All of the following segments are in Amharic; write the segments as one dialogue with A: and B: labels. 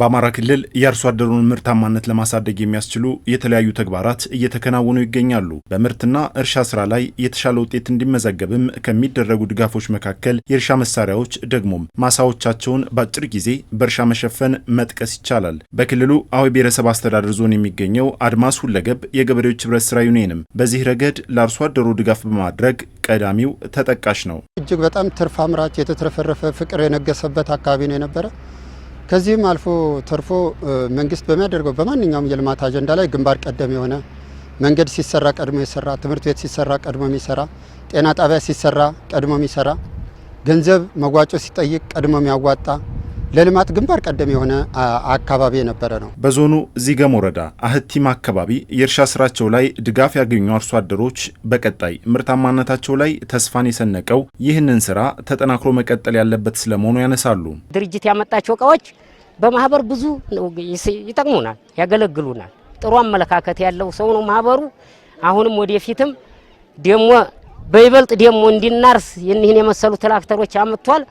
A: በአማራ ክልል የአርሶ አደሩን ምርታማነት ለማሳደግ የሚያስችሉ የተለያዩ ተግባራት እየተከናወኑ ይገኛሉ። በምርትና እርሻ ስራ ላይ የተሻለ ውጤት እንዲመዘገብም ከሚደረጉ ድጋፎች መካከል የእርሻ መሳሪያዎች ደግሞም ማሳዎቻቸውን በአጭር ጊዜ በእርሻ መሸፈን መጥቀስ ይቻላል። በክልሉ አዊ ብሔረሰብ አስተዳደር ዞን የሚገኘው አድማስ ሁለገብ የገበሬዎች ህብረት ስራ ዩኒየንም በዚህ ረገድ ለአርሶ አደሩ ድጋፍ በማድረግ ቀዳሚው ተጠቃሽ ነው።
B: እጅግ በጣም ትርፍ አምራች የተትረፈረፈ ፍቅር የነገሰበት አካባቢ ነው የነበረ ከዚህም አልፎ ተርፎ መንግስት በሚያደርገው በማንኛውም የልማት አጀንዳ ላይ ግንባር ቀደም የሆነ መንገድ ሲሰራ ቀድሞ የሰራ፣ ትምህርት ቤት ሲሰራ ቀድሞ የሚሰራ፣ ጤና ጣቢያ ሲሰራ ቀድሞ የሚሰራ፣ ገንዘብ መዋጮ ሲጠይቅ ቀድሞ የሚያዋጣ ለልማት ግንባር ቀደም የሆነ አካባቢ የነበረ ነው።
A: በዞኑ ዚገም ወረዳ አህቲም አካባቢ የእርሻ ስራቸው ላይ ድጋፍ ያገኙ አርሶ አደሮች በቀጣይ ምርታማነታቸው ላይ ተስፋን የሰነቀው ይህንን ስራ ተጠናክሮ መቀጠል ያለበት ስለመሆኑ ያነሳሉ።
C: ድርጅት ያመጣቸው እቃዎች በማህበር ብዙ ይጠቅሙናል፣ ያገለግሉናል። ጥሩ አመለካከት ያለው ሰው ነው ማህበሩ። አሁንም ወደፊትም ደግሞ በይበልጥ ደግሞ እንዲናርስ ይህን የመሰሉ ትራክተሮች አምጥቷል።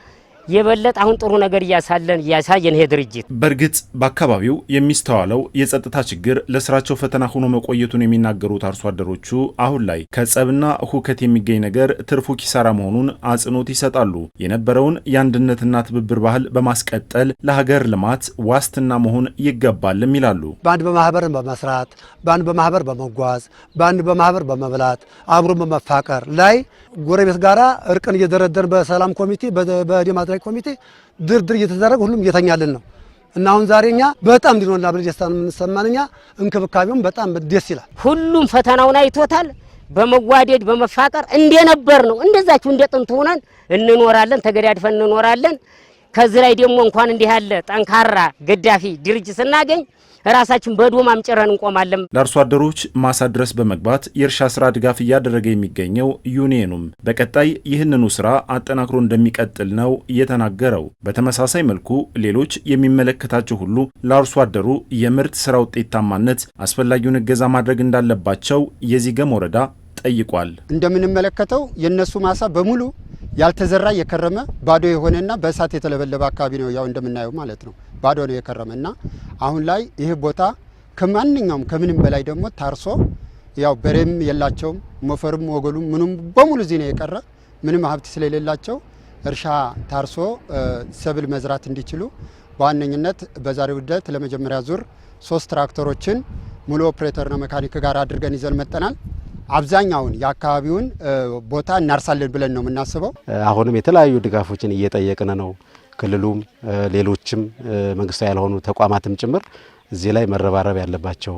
C: የበለጠ አሁን ጥሩ ነገር እያሳለን እያሳየን ይሄ ድርጅት።
A: በእርግጥ በአካባቢው የሚስተዋለው የጸጥታ ችግር ለስራቸው ፈተና ሆኖ መቆየቱን የሚናገሩት አርሶ አደሮቹ አሁን ላይ ከጸብና ሁከት የሚገኝ ነገር ትርፉ ኪሳራ መሆኑን አጽንኦት ይሰጣሉ። የነበረውን የአንድነትና ትብብር ባህል በማስቀጠል ለሀገር ልማት ዋስትና መሆን ይገባልም ይላሉ።
D: በአንድ በማህበር በመስራት፣ በአንድ በማህበር በመጓዝ፣ በአንድ በማህበር በመብላት፣ አብሮ በመፋቀር ላይ ጎረቤት ጋራ እርቅን እየደረደርን በሰላም ኮሚቴ በዲማ ማዕከላዊ ኮሚቴ ድርድር እየተደረገ ሁሉም እየተኛልን ነው እና አሁን ዛሬ እኛ በጣም ድኖና ብልደስታ ነው የምንሰማን። እኛ እንክብካቤውም በጣም ደስ ይላል።
C: ሁሉም ፈተናውን አይቶታል። በመዋደድ በመፋቀር እንደነበር ነው እንደዛችሁ እንደ ጥንት ሆነን እንኖራለን። ተገዳድፈን እንኖራለን። ከዚህ ላይ ደግሞ እንኳን እንዲህ ያለ ጠንካራ ገዳፊ ድርጅት ስናገኝ ራሳችን በዶማም አምጭረን እንቆማለን።
A: ለአርሶ አደሮች ማሳ ድረስ በመግባት የእርሻ ስራ ድጋፍ እያደረገ የሚገኘው ዩኒየኑም በቀጣይ ይህንኑ ስራ አጠናክሮ እንደሚቀጥል ነው የተናገረው። በተመሳሳይ መልኩ ሌሎች የሚመለከታቸው ሁሉ ለአርሶ አደሩ የምርት ስራ ውጤታማነት አስፈላጊውን እገዛ ማድረግ እንዳለባቸው የዚገም ወረዳ ጠይቋል።
B: እንደምንመለከተው የእነሱ ማሳ በሙሉ ያልተዘራ የከረመ ባዶ የሆነና በእሳት የተለበለበ አካባቢ ነው። ያው እንደምናየው ማለት ነው ባዶ ነው የከረመ እና አሁን ላይ ይህ ቦታ ከማንኛውም ከምንም በላይ ደግሞ ታርሶ ያው በሬም የላቸውም ሞፈርም ወገሉም ምኑም በሙሉ እዚህ ነው የቀረ። ምንም ሀብት ስለሌላቸው እርሻ ታርሶ ሰብል መዝራት እንዲችሉ በዋነኝነት በዛሬው ዕለት ለመጀመሪያ ዙር ሶስት ትራክተሮችን ሙሉ ኦፕሬተርና መካኒክ ጋር አድርገን ይዘን መጠናል። አብዛኛውን የአካባቢውን ቦታ እናርሳለን ብለን ነው የምናስበው።
E: አሁንም የተለያዩ ድጋፎችን እየጠየቅን ነው። ክልሉም ሌሎችም መንግስታዊ ያልሆኑ ተቋማትም ጭምር እዚህ ላይ መረባረብ ያለባቸው